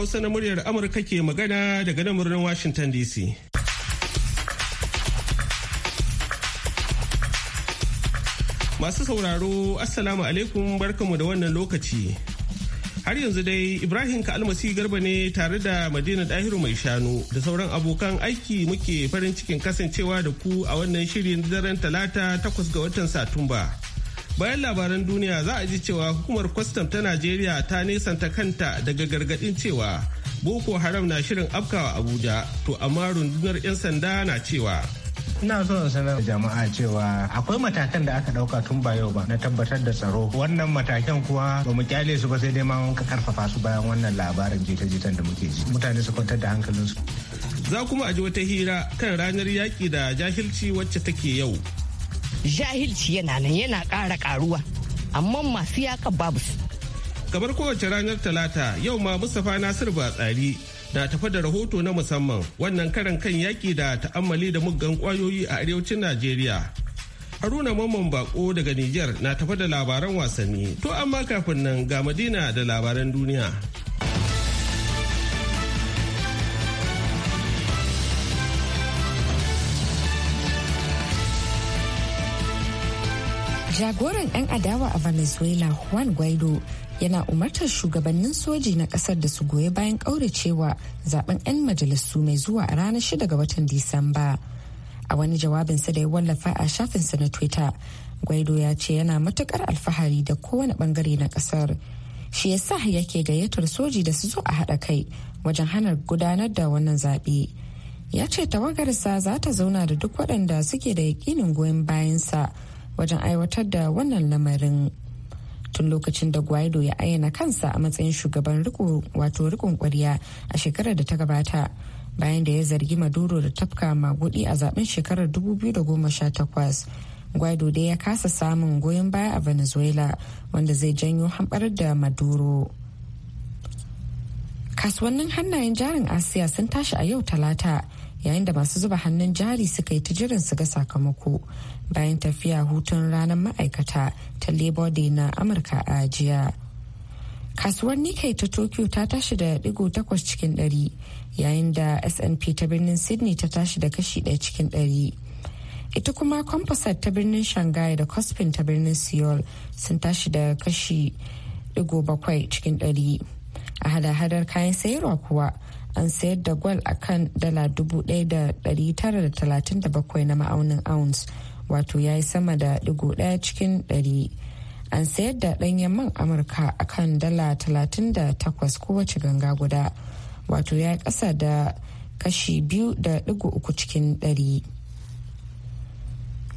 Hausa na muryar Amurka ke magana daga nan birnin Washington DC. Masu sauraro, Assalamu alaikum barkamu da wannan lokaci. Har yanzu dai Ibrahim Ka'almasi Garba ne tare da Madina Dahiru mai shanu da sauran abokan aiki muke farin cikin kasancewa da ku a wannan shirin daren talata takwas ga watan Satumba. bayan labaran duniya za a ji cewa hukumar kwastam ta najeriya ta nesanta kanta daga gargadin cewa boko haram na shirin afkawa abuja to amma rundunar 'yan sanda na cewa ina so in sanar da jama'a cewa akwai matakan da aka dauka tun ba yau ba na tabbatar da tsaro wannan matakan kuwa ba mu kyale su ba sai dai ma mun ka karfafa su bayan wannan labarin jita-jitan da muke ji mutane su kwantar da hankalinsu za kuma a ji wata hira kan ranar yaƙi da jahilci wacce take yau jahilci yana nan yana kara ƙaruwa amma masu yaƙa babu su. kamar kowace ranar talata yau ma mustapha nasir batsari na tafa da rahoto na musamman wannan karan kan yaƙi da ta'ammali da muggan kwayoyi a arewacin najeriya haruna mamman bako daga niger na tafa da labaran wasanni to amma kafin nan ga madina da labaran duniya jagoran 'yan adawa a venezuela juan guaido yana umartar shugabannin soji na kasar da su goyi bayan kauracewa zaben 'yan majalisu mai zuwa a ranar 6 ga watan disamba a wani jawabinsa da ya wallafa a shafinsa na twitter guaido ya ce yana matukar alfahari da kowane bangare na kasar shi ya sa yake gayyatar soji da su zo a haɗa kai wajen hana gudanar da wannan zaɓe ya ce tawagarsa za ta zauna da duk waɗanda suke da yakinin goyon bayansa wajen aiwatar da wannan lamarin tun lokacin da guaido ya ayyana kansa a matsayin shugaban riko wato rikon kwarya a shekarar da ta gabata bayan da ya zargi maduro da tafka magudi a zaben shekarar 2018 guaido dai ya kasa samun goyon baya a venezuela wanda zai janyo hamɓarar da maduro kasuwannin hannayen jarin asiya sun tashi a yau talata yayin da masu zuba hannun jari suka yi ta jiran su ga sakamako bayan tafiya hutun ranar ma'aikata ta labor day na amurka a jiya kasuwar nikkei ta tokyo ta tashi da digo takwas cikin dari yayin da snp ta birnin sydney ta tashi da kashi ɗaya cikin dari ita kuma composite ta birnin shanghai da cospin ta birnin seoul sun tashi da kashi digo bakwai cikin dari a hada-hadar kayan sayarwa kuwa an sayar da gwal a kan dala 1,937 na ma'aunin ounce wato ya yi sama da digo daya cikin 100 an sayar da ɗanyen man amurka a kan dala 38 kowace ganga guda wato ya yi ƙasa da kashi 2.3 cikin 100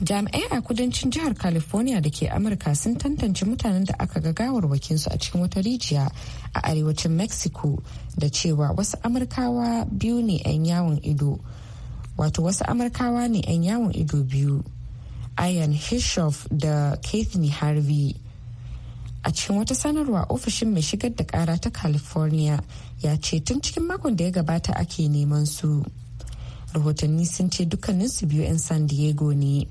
jami'ai a kudancin jihar california da ke amurka sun tantance mutanen da aka ga gawarwakinsu a cikin wata rijiya a arewacin mexico da cewa wasu amurkawa biyu ne 'yan yawon ido wato wasu amurkawa ne 'yan yawon ido biyu ian hishoff da kathy harvey a cikin wata sanarwa ofishin mai shigar da kara ta california ya ce tun cikin makon da ya gabata ake neman su rahotanni sun ce dukkaninsu biyu 'yan san diego ne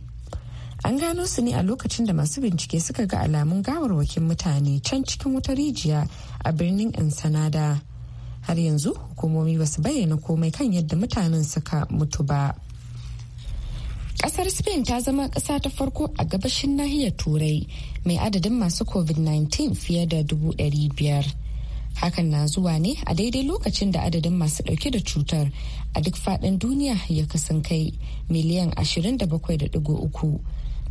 an gano su ne a lokacin da masu bincike suka ga alamun gawarwakin mutane can cikin wata rijiya a birnin ensanada har yanzu hukumomi ba su bayyana komai kan yadda mutanen suka mutu ba kasar spain ta zama kasa ta farko a gabashin nahiyar turai mai adadin masu covid-19 fiye da 500 hakan na zuwa ne a daidai lokacin da adadin masu dauke da cutar a duk faɗin duniya ya kasan kai miliyan 27.3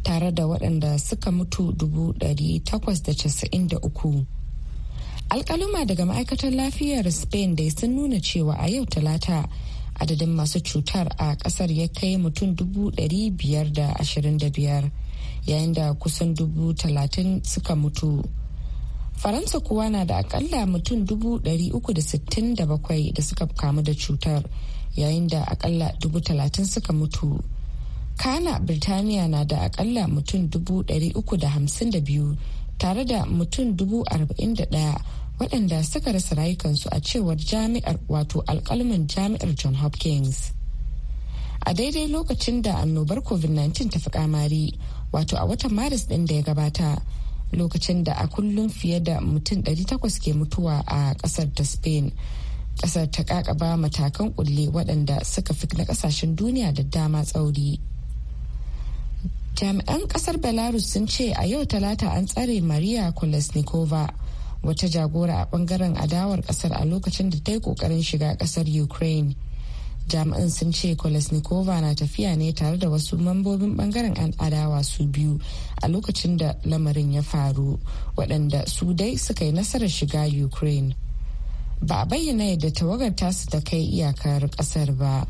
tare da waɗanda suka mutu 893 alkaluma daga ma'aikatar lafiyar spain dai sun nuna cewa a yau talata adadin masu cutar a ƙasar ya kai mutum 525 yayin da kusan 30,000 suka mutu faransa kuwa na da akalla mutum 367 da suka kamu da cutar yayin da akalla 30,000 suka mutu kana birtaniya na da akalla mutum biyu tare da mutum ɗaya waɗanda suka rasa rayukansu a cewar jami'ar wato alkalmin jami'ar john hopkins a daidai lokacin da annobar covid-19 ta fi kamari wato a watan maris ɗin da ya gabata lokacin da a kullum fiye da mutum 800 ke mutuwa a ƙasar ta spain ƙasar ta kakaba matakan kulle waɗanda suka fi na ƙasashen duniya da dama tsauri jami'an kasar belarus sun ce a yau talata an tsare maria kolesnikova wata jagora a bangaren adawar kasar a lokacin da ta yi kokarin shiga kasar ukraine jami'an sun ce kolesnikova na tafiya ne tare da wasu mambobin bangaren an adawa su biyu a lokacin da lamarin ya faru waɗanda su dai suka yi nasarar shiga ukraine ba a bayyana yadda tawagar tasu ta kai iyakar kasar ba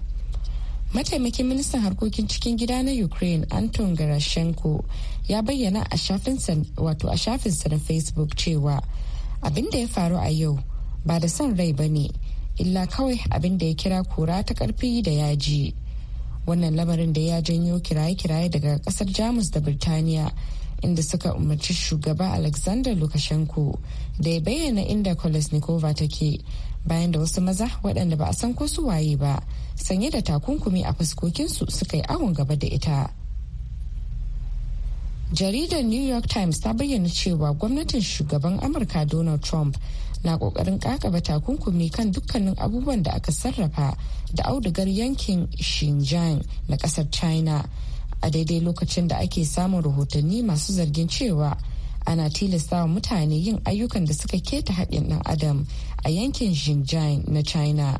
mataimakin ministan harkokin cikin gida na ukraine anton garashenko ya bayyana a shafinsa na facebook cewa abin da ya faru a yau ba da son rai ba ne illa kawai abin da ya kira kura ta karfi da yaji wannan lamarin da ya janyo kiraye-kiraye daga kasar jamus da birtaniya inda suka umarci shugaba alexander lukashenko da ya bayyana inda kolesnikova take bayan da wasu maza waɗanda ba a san ko su waye ba sanye da takunkumi a fuskokinsu suka yi awon gaba da ita jaridar new york times ta bayyana cewa gwamnatin shugaban amurka donald trump na kokarin kakaba takunkumi kan dukkanin abubuwan da aka sarrafa da audugar yankin xinjiang na kasar china a daidai lokacin da ake samun rahotanni masu zargin cewa ana tilasta wa mutane yin ayyukan da suka keta haƙƙin ɗan adam a yankin Xinjiang na China.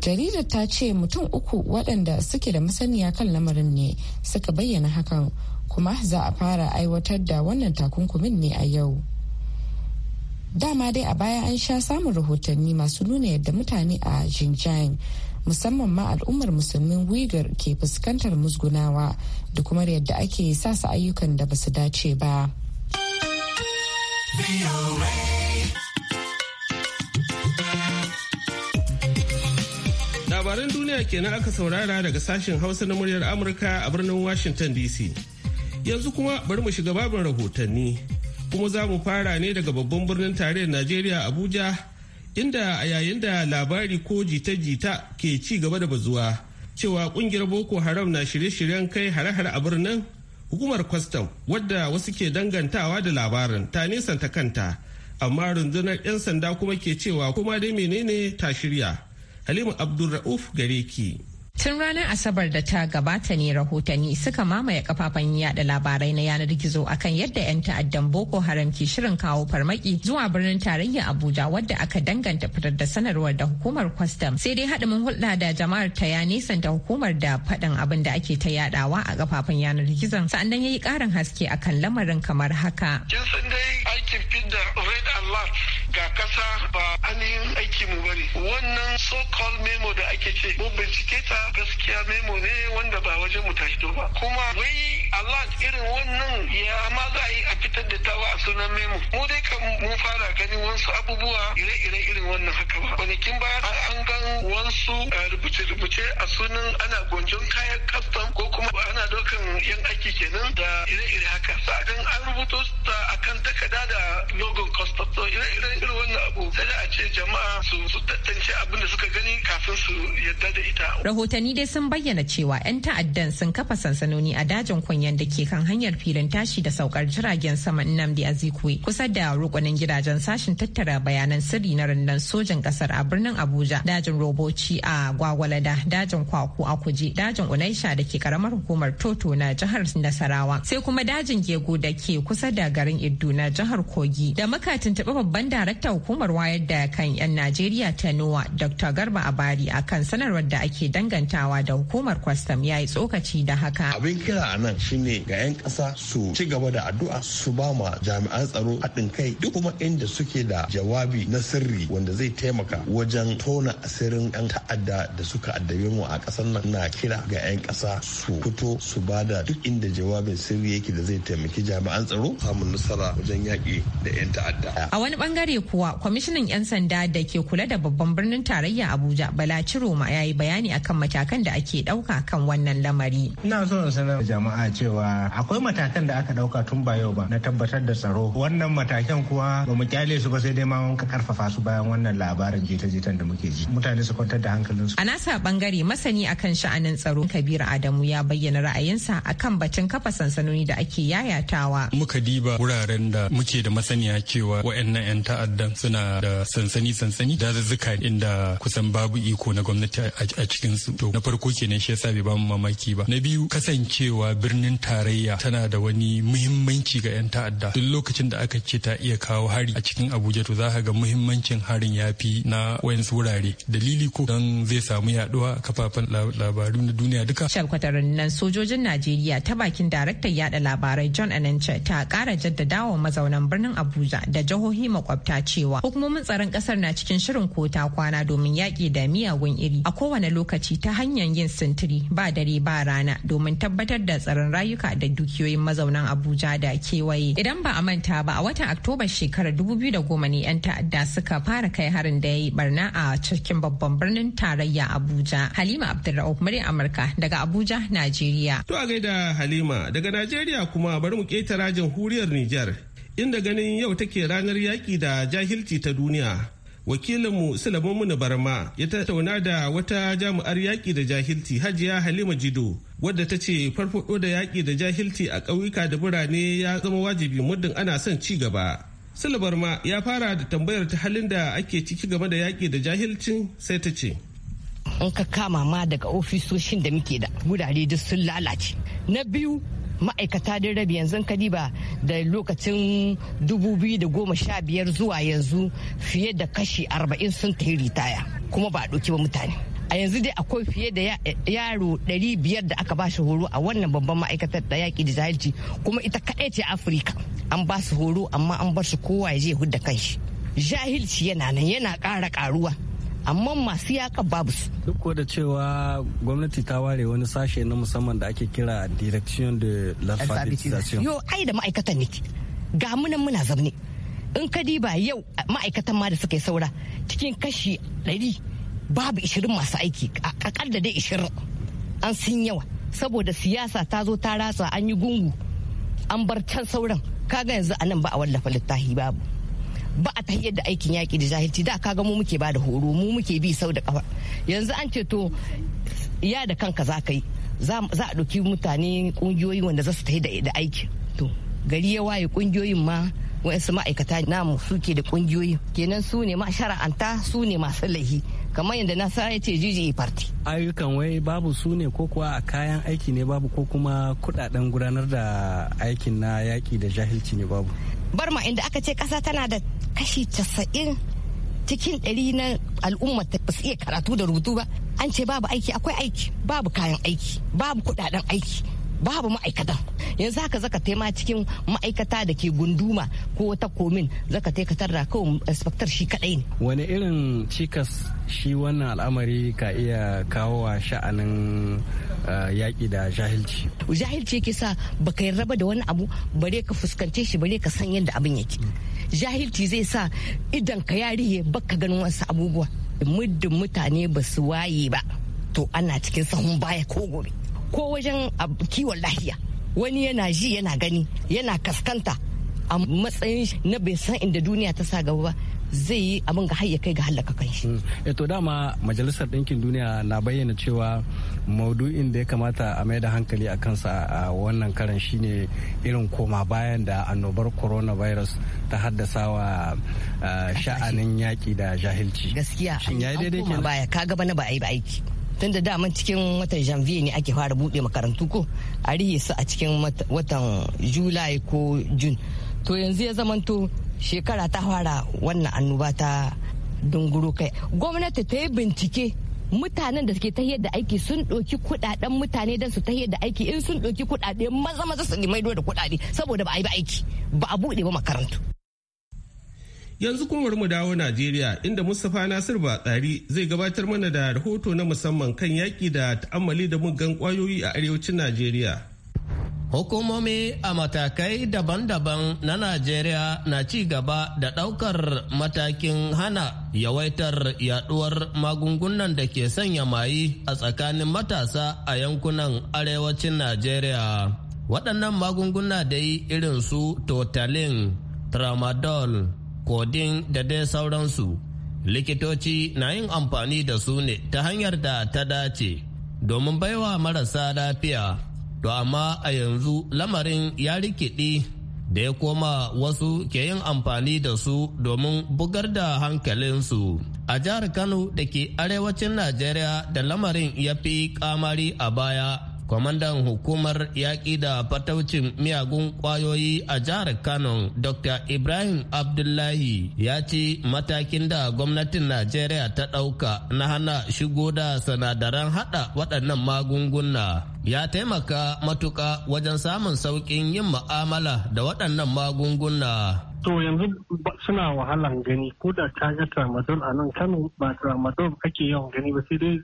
Jaridar ta ce mutum uku waɗanda suke da masaniya kan lamarin ne suka bayyana hakan kuma za a fara aiwatar da wannan takunkumin ne a yau. Dama dai a baya an sha samun rahotanni masu nuna yadda mutane a Xinjiang musamman ma al'ummar musulmin wigar ke fuskantar musgunawa da kuma yadda ake sa su ayyukan da basu dace ba. Labaran duniya kenan aka saurara daga sashen Hausa na muryar Amurka a birnin Washington DC. Yanzu kuma bari mu shiga babin rahotanni. Kuma za mu fara ne daga babban birnin tarayyar Najeriya Abuja inda a yayin da labari ko jita-jita ke ci gaba da bazuwa cewa kungiyar boko haram na shirye-shiryen kai hare-hare a birnin hukumar kwastam wadda wasu ke dangantawa da labarin ta nisan ta kanta amma rundunar 'yan sanda kuma ke cewa kuma dai menene ta shirya halimu abdulra'uf gare ki Tun ranar Asabar da ta gabata ne rahotanni suka mamaye kafafen yada labarai na yanar gizo akan yadda 'yan ta'addan Boko Haram ke shirin kawo farmaki zuwa birnin tarayya Abuja wadda aka danganta fitar da sanarwar da hukumar kwastam. Sai dai haɗimin hulɗa da jama'ar ta ya nisan da hukumar da faɗin abin da ake ta yadawa a kafafen yanar gizon. nan ya yi ƙarin haske akan lamarin kamar haka. Kin san dai aikin fidda red alert ga kasa ba ainihin aiki mu bane. Wannan so-called memo da ake ce mu bincike ta gaskiya memo ne wanda ba wajen mu tashi ba kuma wai Allah irin wannan ya ma za a yi a fitar da tawa a sunan memo mu dai kan mun fara ganin wasu abubuwa ire-ire irin wannan haka ba kwanakin ba an gan wasu eh, rubuce-rubuce a sunan ana gwanjon kayan kastam ko kuma ana daukan yan aiki kenan da ire-ire haka sa'adan an rubuto ta akan takarda da logon kastam to ire-ire irin wannan abu sai a ce jama'a su tattance abin da suka gani kafin su yadda da ita rahotanni dai sun bayyana cewa 'yan ta'addan sun kafa sansanoni a dajin kunyan da ke kan hanyar filin tashi da saukar jiragen sama Nnamdi Azikiwe. kusa da rukunin gidajen sashen tattara bayanan sirri na rundan sojan kasar a birnin Abuja, dajin Roboci a Gwagwalada, dajin Kwaku a Kuje, dajin Unaisha da ke karamar hukumar Toto na jihar Nasarawa, sai kuma dajin Gego da ke kusa da garin Iddu na jihar Kogi. Da makatin taɓa babban daraktan hukumar wayar da kan 'yan Najeriya ta nowa Dr. Garba Abari kan sanarwar da ake dangane tantantawa da hukumar kwastam ya yi tsokaci da haka. Abin kira a nan shine ga 'yan ƙasa su ci gaba da addu'a su ba ma jami'an tsaro haɗin kai duk kuma inda suke da jawabi na sirri wanda zai taimaka wajen tona asirin 'yan ta'adda da suka addabe mu a ƙasar nan na kira ga 'yan kasa su fito su ba da duk inda jawabin sirri yake da zai taimaki jami'an tsaro samun nasara wajen yaƙi da 'yan ta'adda. A wani bangare kuwa kwamishinan 'yan sanda da ke kula da babban birnin tarayya Abuja Bala Ciroma ya yi bayani akan matakan da ake ɗauka kan wannan lamari. Ina so in sanar da jama'a cewa akwai matakan da aka ɗauka tun ba yau ba na tabbatar da tsaro. Wannan matakan kuwa ba mu kyale su ba sai dai ma mun karfafa su bayan wannan labarin jita-jitan da muke ji. Mutane su kwantar da hankalinsu. A nasa bangare masani akan sha'anin tsaro Kabir Adamu ya bayyana ra'ayinsa akan batun kafa sansanoni da ake yayatawa. Muka diba wuraren da muke da masaniya cewa wa'annan 'yan ta'addan suna da sansani-sansani dazuzzuka inda kusan babu iko na gwamnati a cikinsu to na farko kenan shi yasa bai ba mu mamaki ba na biyu kasancewa birnin tarayya tana da wani muhimmanci ga 'yan ta'adda duk lokacin da aka ce ta iya kawo hari a cikin abuja to za ka ga muhimmancin harin ya fi na wayansu wurare dalili ko don zai samu yaduwa kafafen labaru na duniya duka kwatarin nan sojojin najeriya ta bakin daraktan yada labarai john anance ta kara jaddadawa mazaunan birnin abuja da jihohi makwabta cewa hukumomin tsaron kasar na cikin shirin kota kwana domin yaki da miyagun iri a kowane lokaci ta ta hanyar yin sintiri ba dare ba rana domin tabbatar da tsaron rayuka da dukiyoyin mazaunan Abuja da kewaye. Idan ba a manta ba a watan Oktoba shekarar goma ne 'yan ta'adda suka fara kai harin da ya yi barna a cikin babban birnin tarayya Abuja. Halima Abdulrahman Murya Amurka daga Abuja, Najeriya. To a gaida Halima daga Najeriya kuma bari mu rajin jamhuriyar Nijar inda ganin yau take ranar yaƙi da jahilci ta duniya. wakilinmu Sulaiman Barma ya tattauna da wata jami'ar yaƙi da jahilci Hajiya Halima Jido wadda ta ce farfaɗo da yaƙi da jahilci a ƙauyuka da birane ya zama wajibi muddin ana son ci gaba. Sulaiman Barma ya fara da tambayar ta halin da ake ciki game da yaƙi da jahilcin sai ta ce. In ka kama ma daga ofisoshin da muke da wurare duk sun lalace. Na biyu ma'aikata din rabi yanzu ka diba da lokacin biyar zuwa yanzu fiye da kashi arba'in sun ta ritaya kuma ba a ɗauki ba mutane a yanzu dai akwai fiye da yaro biyar da aka ba shi horo a wannan babban ma'aikatar da yaƙi da jahilci kuma ita kaɗai ce afirka an ba su horo amma an bar su kowa ya je hudda kanshi jahilci yana nan yana ƙara ƙaruwa amma masu yaƙa babu su. Duk da cewa gwamnati ta ware wani sashe na musamman da ake kira Direction de l'Alphabétisation. Yo ai da ma'aikatan niki ga munan muna zaune In ka diba yau ma'aikatan ma da suka yi saura cikin kashi ɗari babu ishirin masu aiki a da dai ishirin an sun yawa saboda siyasa ta zo ta ratsa an yi gungu an bar can sauran kaga yanzu a nan ba a wallafa littafi babu. ba a tahiyar da aikin yaƙi da jahilci da kaga mu muke ba da horo mu muke bi sau da kafa yanzu an ce to ya da kanka za ka yi za a ɗauki mutane ƙungiyoyi wanda za su tahi da aiki to gari ya waye ƙungiyoyin ma wa'insu ma'aikata namu suke da ƙungiyoyi kenan su ne shara'anta su ne masu laihi kamar yadda na sa ce jiji e party ayyukan wai babu su ne ko kuwa a kayan aiki ne babu ko kuma kudaden gudanar da aikin na yaƙi da jahilci ne babu barma inda aka ce kasa tana da kashi casa'in cikin ɗari na al'ummar ta ba su iya karatu da rubutu ba an ce babu aiki akwai aiki babu kayan aiki babu kuɗaɗen aiki babu ma'aikatan yanzu haka zaka taima cikin ma'aikata da ke gunduma ko wata komin zaka katar da kawai inspector shi kadai ne wani irin cikas shi wannan al'amari ka iya kawo wa sha'anin eh, yaƙi da jahilci jahilci yake sa baka yarda ba da wani abu bare ka fuskance shi bare ka san yadda abin yake mm. jahilci zai sa idan ka yariye baka ganin wasu abubuwa muddin mutane ba su waye ba to ana cikin sahun baya ko gobe ko wajen kiwon lafiya wani yana ji yana gani yana kaskanta a matsayin na bai san inda duniya ta sa gaba ba zai yi abin ga hayya kai ga hallaka kai shi. Hmm. E eh, to dama majalisar ɗinkin duniya na bayyana cewa maudu'in da ya kamata a mai da hankali a kansa a wannan karan shine irin koma bayan da annobar coronavirus ta haddasa wa eh, sha'anin yaki da jahilci. Gaskiya an koma baya kaga bana ba a yi ba aiki. tun da daman cikin watan janvier ne ake fara buɗe makarantu ko a rihe su a cikin watan julai ko jun to yanzu ya zamanto shekara ta fara wannan annoba ta dunguro kai gwamnati ta yi bincike mutanen da suke tahiyar da aiki sun ɗauki kuɗaɗen mutane don su ta da aiki in sun ɗauki kuɗaɗe maza maza su maido da kuɗaɗe saboda ba a yi ba aiki ba a buɗe ba makarantu Yanzu kuma mu dawo Najeriya inda Mustapha Nasir Batsari zai gabatar mana da rahoto na musamman kan yaƙi da ta'ammali da muggan ƙwayoyi a arewacin Najeriya. Hukumomi a matakai daban-daban na Najeriya na ci gaba da ɗaukar matakin hana yawaitar yaɗuwar magungunan da ke sanya mayi a tsakanin matasa a yankunan arewacin Najeriya. Waɗannan magunguna dai irin su Totalin, Tramadol, kodin da dai sauransu likitoci na yin amfani da su ne ta hanyar da ta dace domin baiwa marasa lafiya to amma a yanzu lamarin ya rikidi da ya koma wasu ke yin amfani da su domin bugar da hankalinsu a jihar kano da ke arewacin najeriya da lamarin ya fi kamari a baya kwamandan hukumar yaƙi da fataucin miyagun ƙwayoyi a jihar kano dr ibrahim abdullahi ya ce matakin da gwamnatin najeriya ta ɗauka na hana shigo da sanadaran haɗa waɗannan magunguna ya taimaka matuƙa wajen samun sauƙin yin ma'amala da waɗannan magunguna to yanzu suna wahalan gani ko da ta ga tramadol a nan kano ba tramadol ake yawan gani ba sai dai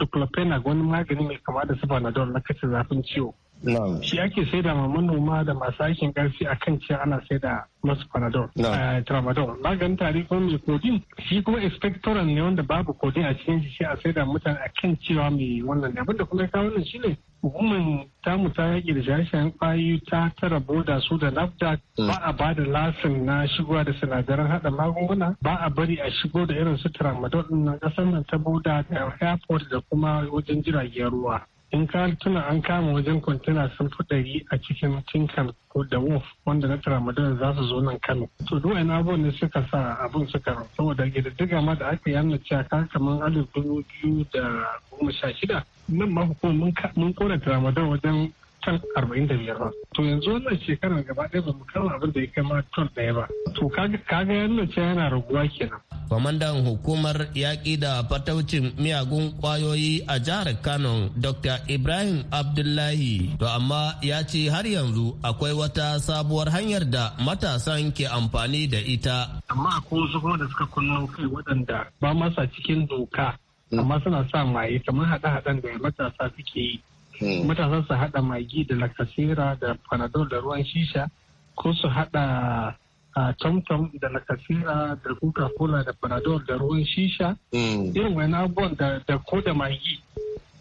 Duk diclofenac wani magani mai kama da na na kashe zafin ciwo shi ake saida ma manoma da masu aikin karfi a kan cewa ana saida masu panadol eh, tramadol maganin tari ko mai kodin shi kuma expectorant ne wanda babu kodin a cikin shi shi a saida mutane a kan cewa mai wannan ne abinda kuma kawo wannan shi ne. hukumar tamu ta yaƙi da shayen kwayoyi ta tara boda su da nafta mm. ba a ba da lasin na shigowa da sinadaran hada magunguna ba a bari a shigo da irin su tramadol na ƙasar nan ta boda da airport da kuma wajen jiragen ruwa in ka tuna an kama wajen kwantena sun fi ɗari a cikin tinkan ko da wolf wanda na tramadol za su zo nan kano to duk wani abubuwan ne suka sa abun suka rabu saboda girgiga ma da aka yanna cewa ka kamar alif dubu biyu da goma sha shida nan ma hukumar mun kora tramadol wajen Tan arba'in da biyar ba to yanzu wannan shekarar gaba ɗaya ba mu kama abin da ya kai ma ton ɗaya ba to kaga yan yana yana raguwa kenan. kwamandan hukumar yaƙi da fataucin miyagun ƙwayoyi a jihar kano dr ibrahim abdullahi to amma ya ce har yanzu akwai wata sabuwar hanyar da matasan ke amfani da ita amma akwai wasu kuma da suka kunna kai waɗanda ba masa cikin doka amma suna sa maye kamar haɗe-haɗen da matasa suke yi matasa mm. su haɗa magi da lakasera da panadol da ruwan shisha ko su haɗa a da lakasera da coca cola da panadol da ruwan shisha mm. irin wani abubuwan da ko da magi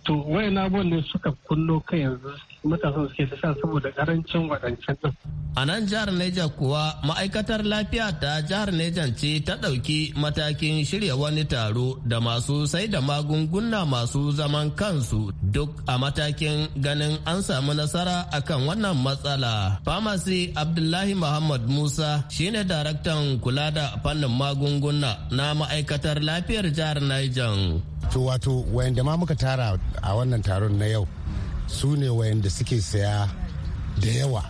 to wani abubuwan ne suka kullo kai yanzu matasan suke ta sha saboda karancin waɗancan ɗin. A nan jihar Neja kuwa ma'aikatar lafiya ta jihar Neja ce ta ɗauki matakin shirya wani taro da masu sai da magunguna masu zaman kansu duk a matakin ganin an samu nasara akan wannan matsala. Famasi Abdullahi Muhammad Musa shine daraktan kula da fannin magunguna na ma'aikatar lafiyar jihar Neja. To wato wayanda ma muka tara a wannan taron na yau su ne wayanda suke saya da yawa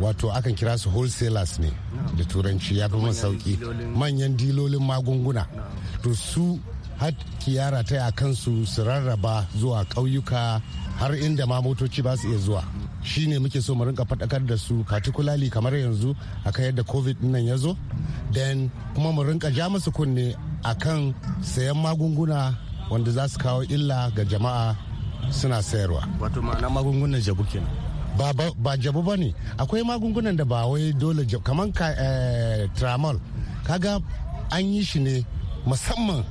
wato akan kira su wholesalers ne da turanci ya fi man sauki manyan dilolin magunguna to su har kiyara ta a kansu su rarraba zuwa ƙauyuka har inda ma motoci ba su iya zuwa shi ne muke so mu rinka faɗakar da su particularly kamar yanzu a kan yadda covid nan ya zo then kuma mu rinka ja musu kunne akan sayan magunguna wanda za su kawo illa ga jama'a suna sayarwa wato ma'ana magungunan jabu kenan ba, ba, ba jabu ba ne akwai magungunan da ba wai dole jabu kamar ka, eh, tramol kaga an yi shi ne musamman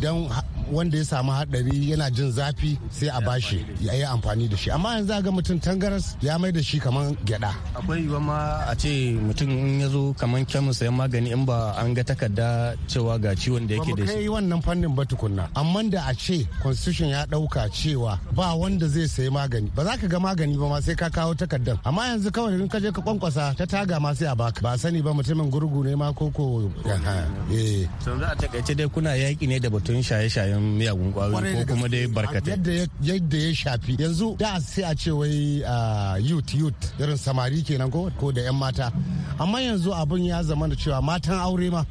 don wanda ya samu hadari yana jin zafi sai a bashi ya yi amfani da shi amma yanzu ga mutum tangaras ya mai da shi kamar gyada akwai yiwuwa ma a ce mutum in ya zo kamar kemis sayan magani in ba an ga takarda cewa ga ciwon da yake da shi ba kai wannan fannin ba tukunna amma da a ce constitution ya ɗauka cewa ba wanda zai sayi magani ba za ka ga magani ba ma sai ka kawo takardar amma yanzu kawai in ka je ka kwankwasa ta taga ma sai a baka ba sani ba mutumin gurgu ne ma koko eh, eh. za a takaice dai kuna yaki ne da batun shaye-shayen wannan miyagun kwayoyi ko kuma dai barkatai yadda ya shafi yanzu da sai a ce wai youth youth irin samari kenan ko ko da 'yan mata amma yanzu abin ya zama da cewa matan aure ma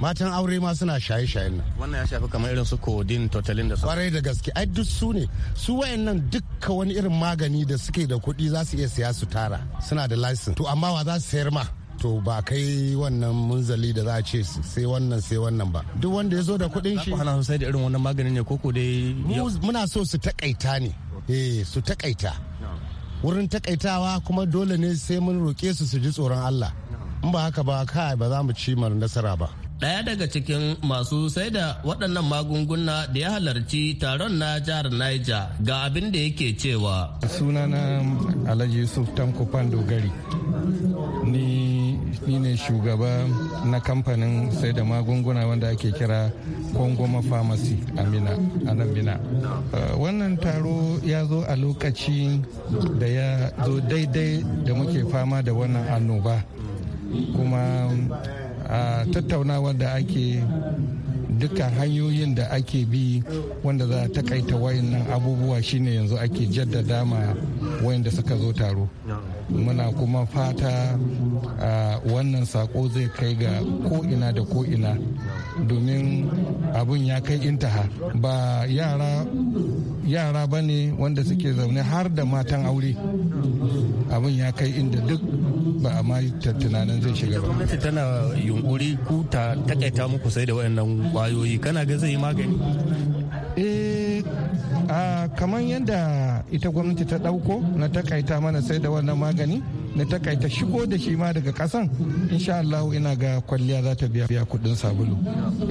matan aure ma suna shaye-shayen nan wannan ya shafi kamar irin su kodin totalin da su kwarai da gaske ai duk su ne su wayannan dukka wani irin magani da suke da kuɗi za su iya siya su tara suna da license to amma wa za su sayar ma to ba kai wannan munzali da za a ce sai wannan sai wannan ba duk wanda ya zo da kuɗin shi ana sosai da irin wannan maganin ne koko dai muna so su takaita ne eh su takaita wurin takaitawa kuma dole ne sai mun roƙe su su ji tsoron Allah in ba haka ba kai ba za mu ci mar nasara ba Daya daga cikin masu sai da waɗannan magunguna da ya halarci taron na jihar Niger ga abin da yake cewa. Sunana Alhaji Yusuf tamko Pando Gari. Ni ni ne shugaba na kamfanin sai da magunguna wanda ake kira kongoma pharmacy mina a nan mina uh, wannan taro ya zo a lokaci da ya zo daidai da muke fama da wannan annoba kuma a uh, tattaunawa da ake dukkan hanyoyin da ake bi wanda za a takaita wayannan abubuwa shine yanzu ake jaddada ma wayanda suka zo taro muna kuma fata wannan sako zai kai ga ko'ina da ko'ina domin abin ya kai intaha ba yara yara ba ne wanda suke zaune har da matan aure abin ya kai inda duk ba a ma tunanin zai shiga ba gwamnati tana yunkuri ku ta takaita muku sai da wayannan kwayoyi kana ga zai magani eh kamar yadda ita gwamnati ta dauko na takaita mana sai da wannan magani na ta shigo da shi ma daga kasan insha Allah ina ga kwalliya za ta biya kudin sabulu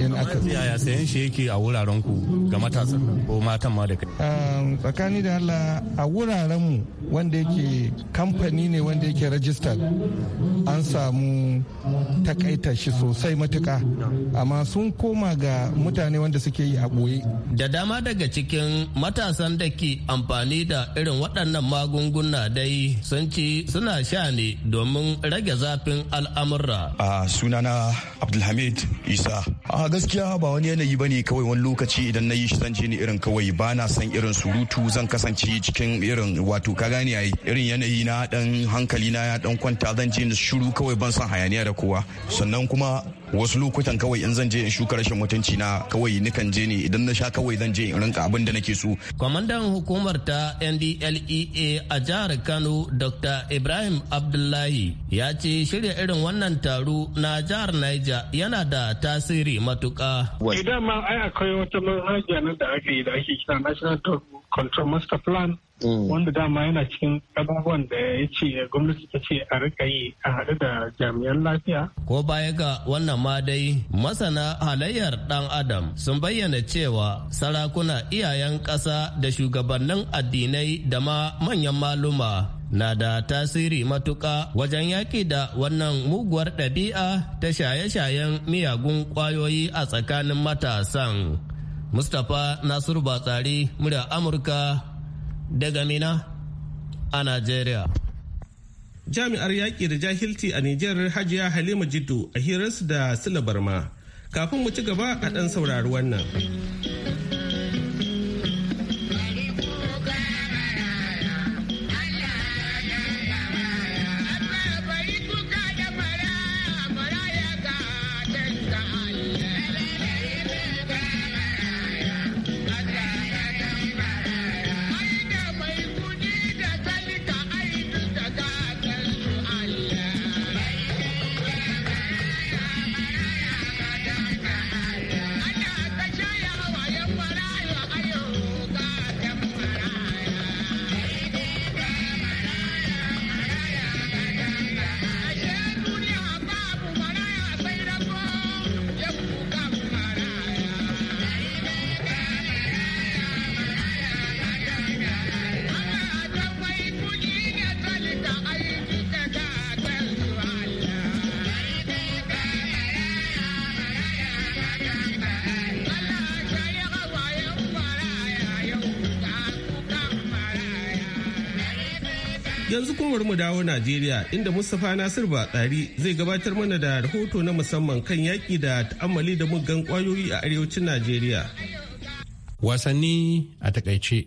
in aka yaya sayan shi yake a wuraren ku ga matasa ko matan ma da kai tsakani da Allah a wuraren mu wanda yake kamfani ne wanda yake registered an samu takaita shi sosai matuka amma sun koma ga mutane wanda suke yi a boye da dama daga cikin matasan da ke amfani da irin waɗannan magunguna dai sun ci suna sha ne domin rage zafin al'amurra. A sunana Abdulhamid Isa. A gaskiya ba wani yanayi ba ne kawai wani lokaci idan na yi shi zan ni irin kawai ba na san irin surutu zan kasance cikin irin wato ka gane ai irin yanayi na dan hankali na ya dan kwanta zan je ni shiru kawai ban san hayaniya da kowa. Sannan kuma wasu lokutan kawai in zan je in shuka rashin mutunci na kawai nikan je ne idan na sha kawai zan je in rinka abin da nake so. kwamandan hukumar ta ndlea a jihar kano dr ibrahim abdullahi ya ce shirya irin wannan taro na jihar niger yana da tasiri matuka. idan ma ai akwai wata manhaja nan da ake yi da ake kira national control master plan Mm. wanda dama yana cikin abubuwan da ya ce gwamnati ta ce a rika yi a haɗu da jami'an lafiya. Ko baya ga wannan ma dai masana halayyar ɗan adam sun bayyana cewa sarakuna iyayen ƙasa da shugabannin addinai da ma manyan maluma na da tasiri matuƙa wajen yaƙi da wannan muguwar ɗabi'a ta shaye-shayen miyagun ƙwayoyi a tsakanin matasan. Mustapha Nasiru Batsari, murya Amurka daga Mina a Najeriya. Jami'ar yaƙi da jahilci a Nijar Hajiya Halima Jiddu a hirarsu da Sila Barma. Kafin mu ci gaba a ɗan saurari wannan. Yanzu kuma mu dawo Najeriya inda Mustapha Nasir Batsari zai gabatar mana da rahoto na musamman kan yaƙi da ta'ammali da muggan ƙwayoyi a arewacin Najeriya. Wasanni a takaice.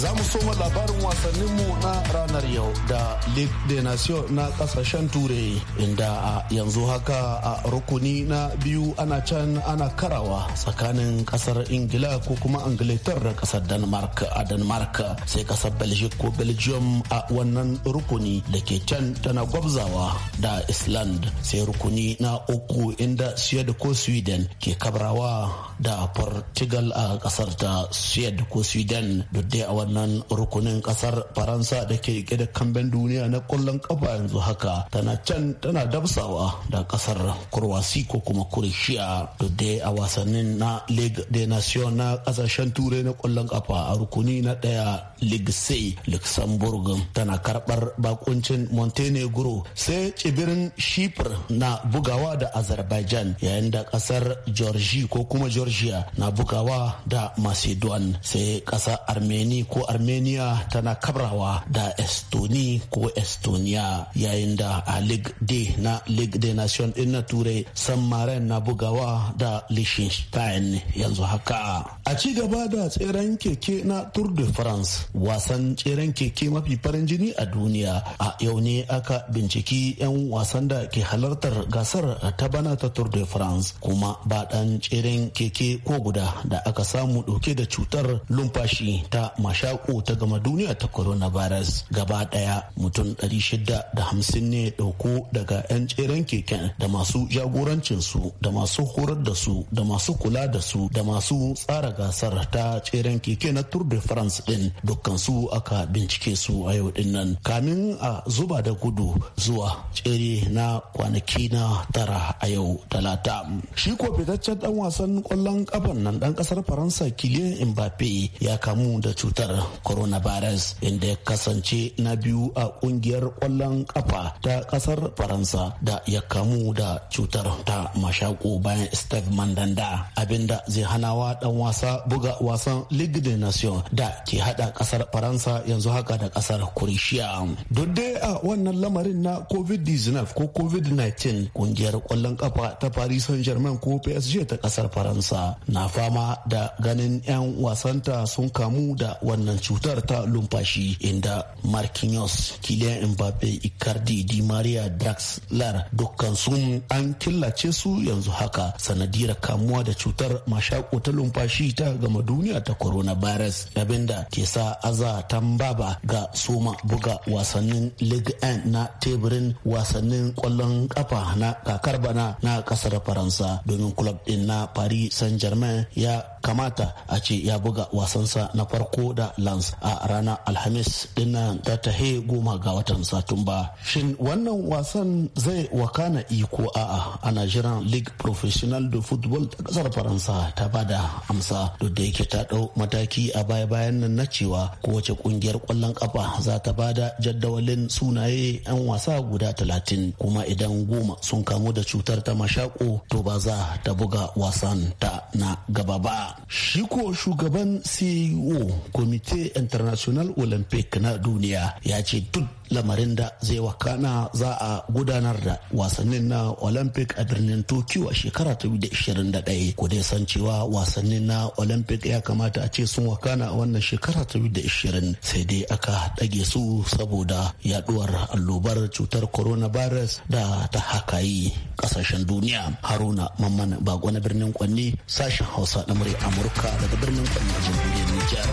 Za mu so labarin wasanninmu na ranar yau da Ligue de Nation na kasashen Turai inda a yanzu haka a rukuni na biyu ana can ana karawa tsakanin kasar Ingila ko kuma Anglitar da kasar Denmark a Denmark sai kasar Belgium ko Belgium a wannan rukuni da ke can tana gwabzawa da Island sai rukuni na uku inda Sweden ko Sweden ke kabrawa da Portugal a kasar ta Sweden ko Sweden duk dai a wannan rukuni rukunin kasar faransa da ke rike da kamben duniya na kwallon kafa yanzu haka tana can tana dabsawa da kasar kurwasi ko kuma kurishiya dai a wasannin na league de nation na kasashen turai na kwallon kafa a rukuni na daya league c luxembourg tana karbar bakuncin montenegro sai tsibirin shipr na bugawa da azerbaijan yayin da kasar georgi ko kuma georgia na bugawa da macedon sai kasa armeni ko armenia duniya tana kabrawa da estoni ko estonia yayin da a league d na league de nation din na turai san maren na bugawa da liechtenstein yanzu haka a ci gaba da tseren keke na tour de france wasan tseren keke mafi farin jini a duniya a yau ne aka binciki 'yan wasan da ke halartar gasar ta bana ta tour de france kuma ba dan tseren keke ko guda da aka samu dauke da cutar lumfashi ta mashako ta tarzoma duniya ta coronavirus gaba daya mutum 650 ne dauko daga 'yan tseren keken da masu jagorancin su da masu horar da su da masu kula da su da masu tsara gasar ta tseren keke na tour de france din dukkan su aka bincike su a yau din kamin a zuba da gudu zuwa tsere na kwanaki na tara a yau talata shi ko fitaccen dan wasan kwallon kafan nan dan kasar faransa kiliyan mbappe ya kamu da cutar corona Paris inda ya kasance na biyu a kungiyar kwallon kafa ta kasar faransa da ya kamu da cutar ta mashako bayan steve mandanda abinda zai hanawa dan wasa buga wasan ligue de nations da ke hada kasar faransa yanzu haka da kasar Croatia. duk dai a wannan lamarin na covid-19 ko covid-19 kungiyar kwallon kafa ta paris saint-germain ko psg ta kasar faransa na fama da ganin 'yan wasanta sun kamu da wannan cutar ta lumfashi inda marquinhos Kylian mbappe icardi di maria Draxler dukkan sun an killace su yanzu haka sanadira kamuwa da cutar mashako ta lumfashi ta gama duniya ta coronavirus abinda ke sa aza tambaba ga soma buga wasannin league n na teburin wasannin kwallon kafa na kakar bana na kasar faransa domin club din na paris saint germain ya kamata a ce ya buga wasansa na farko da lance a a ranar alhamis dinnan ta he goma ga watan satumba shin wannan wasan zai wakana iko a'a a jiran league professional de football ta kasar faransa ta bada amsa duk da yake ta dau mataki a baya bayan nan na cewa kowace kungiyar kwallon kafa za ta bada jaddawalin sunaye yan wasa guda talatin kuma idan goma sun kamu da cutar ta mashako to ba za ta buga wasan ta na gaba ba Shiko shugaban ceo komite international olympic na duniya ya ce duk lamarin da zai wakana za a gudanar da wasannin na olympic a birnin tokyo a shekara ta 2021 ku dai san cewa wasannin na olympic ya kamata a ce sun wakana a wannan shekara ta 2020 sai dai aka dage su saboda yaduwar allobar cutar coronavirus da ta haka yi kasashen duniya haruna mamman bago na birnin kwanne sashen hausa na murya amurka daga birnin kwanne a jamhuriyar nijar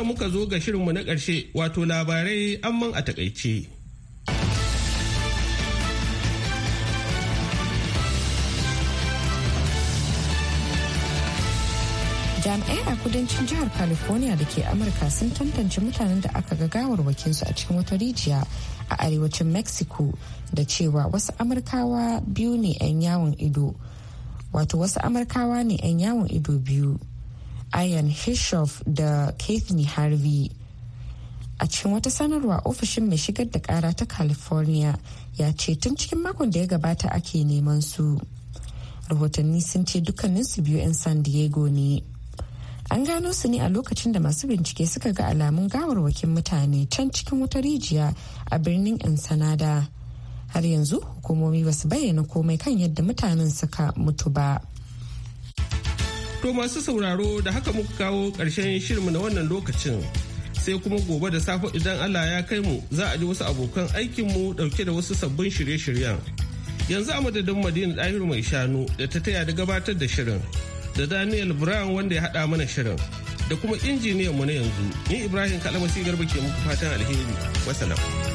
wannan muka zo ga shirinmu na ƙarshe wato labarai amman a takaice. jami'ai a kudancin jihar california da ke amurka sun tantance mutanen da aka ga su a cikin wata rijiya a arewacin mexico da cewa wasu amurkawa biyu ne 'yan yawon ido wato wasu amurkawa ne 'yan yawon ido biyu Ian Hishoff da Kathy Harvey. A cikin wata sanarwa ofishin mai shigar da kara ta California ya ce tun cikin makon da ya gabata ake neman su. Rahotanni sun ce dukkaninsu biyu 'yan San Diego ne. An gano su ne a lokacin da masu bincike suka ga alamun gawarwakin mutane can cikin wata rijiya a birnin sanada. Har yanzu hukumomi basu bayyana komai kan yadda mutanen suka mutu ba. To masu sauraro da haka muka kawo ƙarshen shirinmu na wannan lokacin. Sai kuma gobe da safe idan Allah ya kai mu za a ji wasu abokan aikinmu ɗauke da wasu sabbin shirye-shiryen. Yanzu a madadin Madina Ɗahiru mai shanu da ta taya da gabatar da shirin. Da Daniel Brown wanda ya haɗa mana shirin. Da kuma injiniyan mu na yanzu. Ni Ibrahim Kalamasi Garba ke muku fatan alheri. Wasalam.